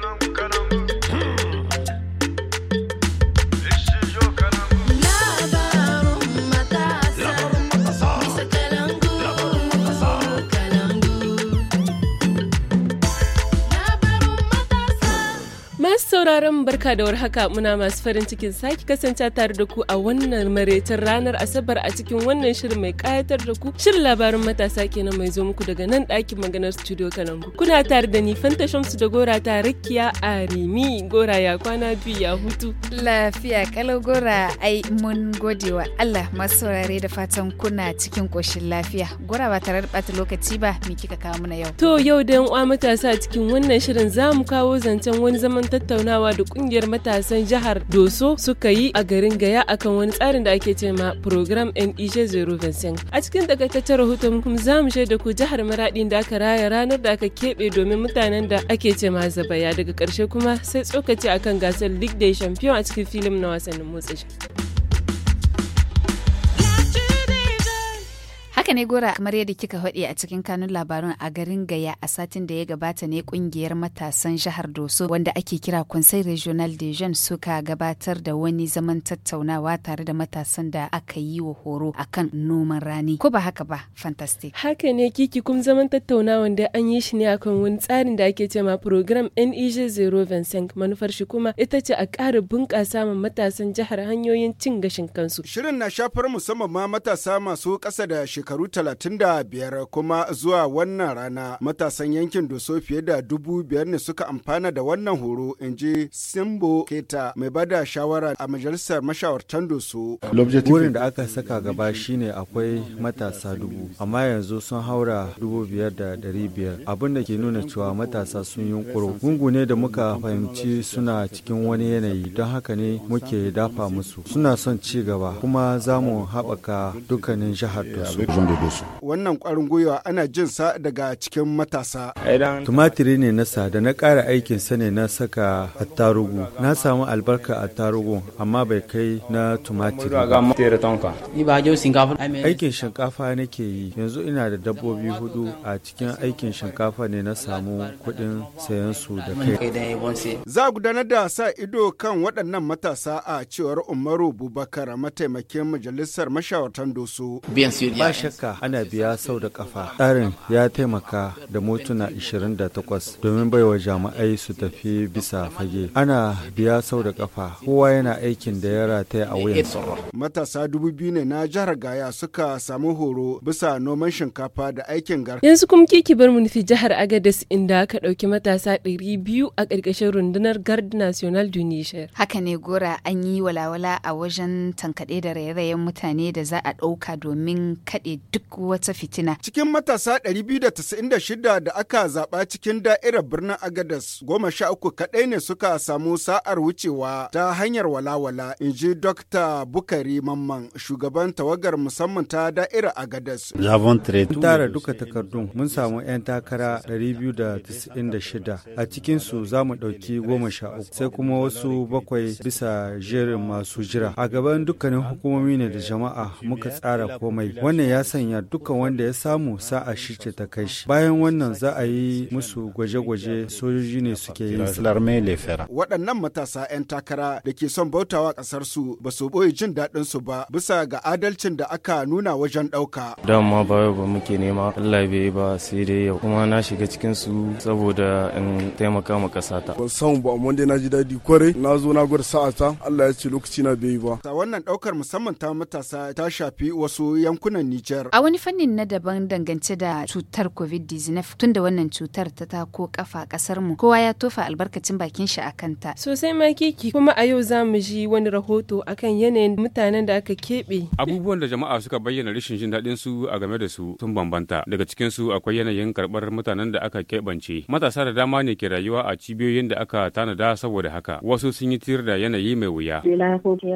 Caramba, caramba. Masu sauraron barka da warhaka muna masu farin cikin sake kasance tare da ku a wannan maraicin ranar Asabar a cikin wannan shirin mai kayatar da ku shirin labarin matasa kenan mai zo muku daga nan dakin maganar studio Kalangu. Kuna tare da ni Fanta Shamsu da Gora ta Rakiya rimi Gora ya kwana biyu ya hutu. Lafiya kalau Gora ai mun gode wa Allah masu saurare da fatan kuna cikin koshin lafiya. Gora ba tare da ɓata lokaci ba me kika kawo mana yau. To yau da yan uwa matasa a cikin wannan shirin za mu kawo zancen wani zaman tattaunawa da kungiyar matasan jihar Doso suka yi a garin Gaya akan wani tsarin da ake cema Program e zero 025. A cikin takaitaccen rahoton kuma za mu shaida ku jihar Maradin da aka raya ranar da aka keɓe domin mutanen da ake cema zabaya daga karshe kuma sai tsokaci akan gasar League Day Champion a cikin filim na wasannin motsa jiki. Haka ne gora kamar yadda kika faɗi a cikin kanun labarun a garin Gaya a satin da ya gabata ne kungiyar matasan jihar Doso wanda ake kira Conseil Regional de Jeunes suka gabatar da wani zaman tattaunawa tare da matasan da aka yi wa horo akan noman rani. Ko ba haka ba fantastic. Haka ne kiki kuma zaman tattaunawa da an yi shi ne akan wani tsarin da ake cema program NEJ 025 manufar shi kuma ita ce a ƙara bunƙasa ma matasan jihar hanyoyin cin gashin kansu. Shirin na shafar musamman ma matasa masu ƙasa da shekaru shekaru 35 kuma zuwa wannan rana matasan yankin Doso fiye da dubu biyar ne suka amfana da wannan horo in ji Simbo Keta mai bada shawara a majalisar mashawartan Doso. Wurin da aka saka gaba shine akwai matasa dubu amma yanzu sun haura dubu biyar da dari biyar abin da ke nuna cewa matasa sun kuro Gungu ne da muka fahimci suna cikin wani yanayi don haka ne muke dafa musu suna son ci gaba kuma za mu haɓaka dukkanin jihar da Wannan ƙwarin gwiwa ana jin sa daga cikin matasa. Tumatiri ne na sa da na ƙara aikin sa ne na saka tarugu Na samu albarka attarugu amma bai kai na tumatiri. Aikin shinkafa nake yi yanzu ina da dabbobi hudu a cikin aikin shinkafa ne na samu kuɗin sayan su da kai. Za a gudanar da sa ido kan waɗannan matasa a cewar Umaru Bubakar mataimakin majalisar mashawartan doso. shakka ana biya sau da kafa. Tsarin ya taimaka da motuna 28 domin baiwa jami'ai su tafi bisa fage. Ana biya sau da kafa. Kowa yana aikin da ya rataya a wuyan. Matasa dubu biyu ne na jihar Gaya suka samu horo bisa noman shinkafa da aikin gar. Yanzu kuma kiki bar mu nufi jihar Agadez inda aka ɗauki matasa ɗari biyu a ƙarƙashin rundunar Garde National du Haka ne gora an yi walawala a wajen tankaɗe da raye-rayen mutane da za a ɗauka domin kaɗe kaɗe duk wata fitina. Cikin matasa 296 da aka zaɓa cikin da'irar birnin Agadas goma sha uku kaɗai ne suka samu sa'ar wucewa ta hanyar walawala in ji dokta Bukari Mamman shugaban tawagar musamman ta da'irar Agadas. tara duka takardun mun samu 'yan takara 296 a cikinsu za mu ɗauki goma sha uku sai kuma wasu bakwai bisa jerin masu jira. A gaban dukkanin hukumomi ne da jama'a muka tsara komai. Wannan ya ya sanya dukkan wanda ya samu sa'a shi ce ta kai shi. Bayan wannan za a yi musu gwaje-gwaje sojoji ne suke yi. Waɗannan matasa 'yan takara da ke son bautawa ƙasar su ba su ɓoye jin daɗin su ba bisa ga adalcin da aka nuna wajen ɗauka. Dama ba yau ba muke nema Allah bai ba sai dai yau kuma na shiga cikin su saboda in taimaka ma ƙasata. Ban samu ba amma dai na ji daɗi kwarai na zo na gwada ta Allah ya ce lokaci na bai ba. Wannan ɗaukar musamman ta matasa ta shafi wasu yankunan Nijar. Nijar. A wani fannin na daban dangance da cutar COVID-19 tun da wannan cutar ta tako kafa kasar mu kowa ya tofa albarkacin bakin shi a kanta. Sosai ma kiki kuma a yau za mu ji wani rahoto akan yanayin mutanen da aka keɓe. Abubuwan da jama'a suka bayyana rashin jin daɗin su a game da su sun bambanta daga cikin su akwai yanayin karɓar mutanen da aka keɓance. Matasa da dama ne ke rayuwa a cibiyoyin da aka tanada saboda haka wasu sun yi tir da yanayi mai wuya.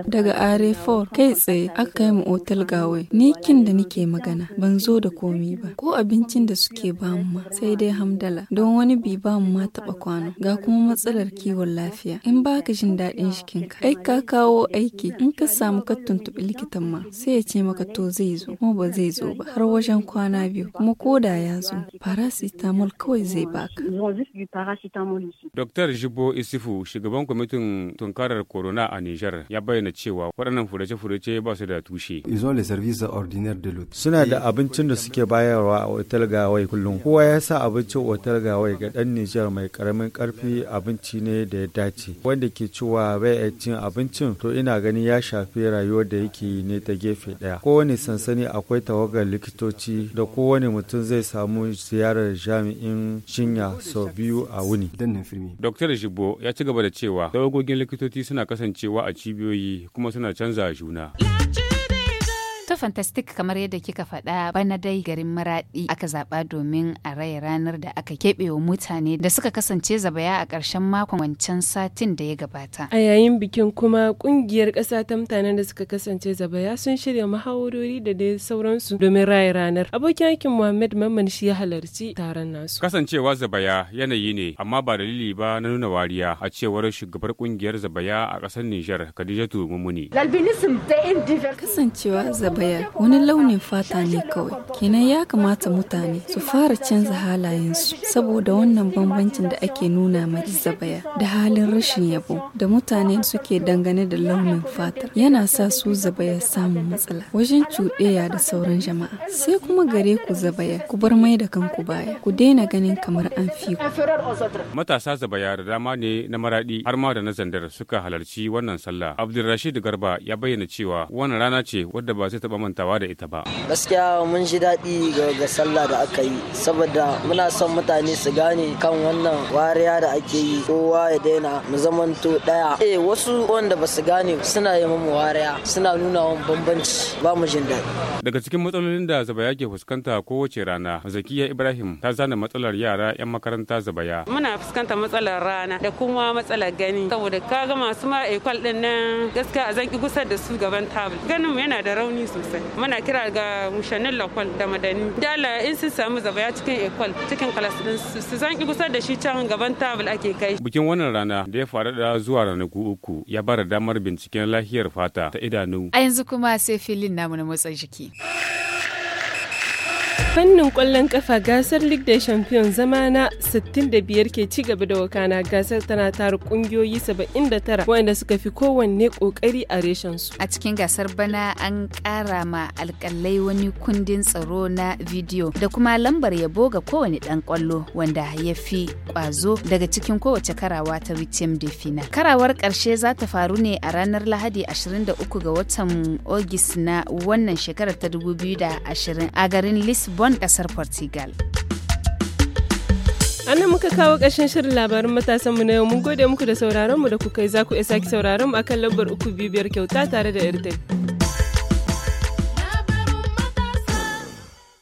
Daga Are 4 kai tsaye aka yi mu otal gawai. ni kin da nike yi magana ban zo da komi ba ko abincin da suke bamu ma sai dai hamdala don wani bi bamu ma taba kwano ga kuma matsalar kiwon lafiya in ba ka jin daɗin ka. ai ka kawo aiki in ka samu ka tuntuɓi likitan ma sai ya ce maka to zai zo kuma ba zai zo ba har wajen kwana biyu kuma ko da ya zo paracetamol kawai zai baka. Dr. Jibo Isifu shugaban kwamitin tunkarar corona a Nijar ya bayyana cewa waɗannan furace-furace ba su da tushe. Ils ont les services ordinaires de suna da abincin da suke bayarwa a otal gawai kullum kowa ya sa abincin otal gawai ga dan nijar mai karamin karfi abinci ne da ya dace wanda ke cewa bai iya cin abincin to ina gani ya shafi rayuwar da yake yi ne ta gefe daya kowane sansani akwai tawagar likitoci da kowane mutum zai samu ziyarar jami'in jinya sau biyu a wuni dr jibo ya ci gaba da cewa tawagogin likitoci suna kasancewa a cibiyoyi kuma suna canza juna To fantastic kamar yadda kika faɗa bana dai garin maraɗi aka zaɓa domin a raya ranar da aka keɓe wa mutane da suka kasance zabaya a ƙarshen makon wancan satin da ya gabata. A yayin bikin kuma ƙungiyar ƙasa ta mutanen da suka kasance zabaya sun shirya mahawarori da dai sauransu domin raya ranar. Abokin aikin Muhammad Mamman shi ya halarci taron nasu. Kasancewa zabaya yanayi ne amma ba dalili ba na nuna wariya a cewar shugabar ƙungiyar zabaya a ƙasar Nijar Khadijatu Mumuni. Kasancewa zabaya baya wani launin fata ne kawai kenan ya kamata mutane su fara canza halayensu saboda wannan bambancin da ake nuna ma zabaya da halin rashin yabo da mutane suke dangane da launin fata yana sa su zabaya samun matsala wajen cuɗeya da sauran jama'a sai kuma gare ku zabaya ku bar mai da kanku baya ku daina ganin kamar an fi ku matasa zabaya da dama ne na maradi har ma da na zandar suka halarci wannan sallah abdulrashid garba ya bayyana cewa wannan rana ce wadda ba zai taɓa mantawa da ita ba. Gaskiya mun ji daɗi ga sallah da aka yi saboda muna son mutane su gane kan wannan wariya da ake yi kowa ya daina mu zamanto ɗaya. Eh wasu wanda ba su gane suna yi mu wariya suna nuna wani bambanci ba mu jin daɗi. Daga cikin matsalolin da Zabaya ke fuskanta kowace rana Zakiya Ibrahim ta zana matsalar yara 'yan makaranta Zabaya. Muna fuskanta matsalar rana da kuma matsalar gani saboda ka kaga masu ma ekwal ɗin nan gaskiya a ki kusa da su gaban tabul ganin mu yana da rauni sosai muna kira ga mushanin lakwal da madani dala in sun samu zabaya cikin ekwal cikin kalas din su zan ki kusa da shi can gaban tabul ake kai bikin wannan rana da ya faru da zuwa ranaku uku ya bara damar binciken lafiyar fata ta idanu a yanzu kuma sai filin namu na motsa jiki fannin kwallon kafa gasar league da champion zama na 65 ke ci gaba da wakana gasar tana tara kungiyoyi 79 waɗanda suka fi kowanne kokari a reshen su a cikin gasar bana an kara ma alkalai wani kundin tsaro na bidiyo da kuma lambar yabo ga kowane ɗan kwallo wanda ya fi kwazo daga cikin kowace karawa ta wicem de fina karawar karshe za ta faru ne a ranar lahadi 23 ga watan ogis na wannan shekarar ta 2020 a garin lisbon Lisbon kasar Portugal. ana muka kawo ƙarshen shirin labarin matasanmu na yau mun gode muku da sauraron mu da kuka yi za ku iya sake sauraron mu akan lambar uku bibiyar kyauta tare da Airtel.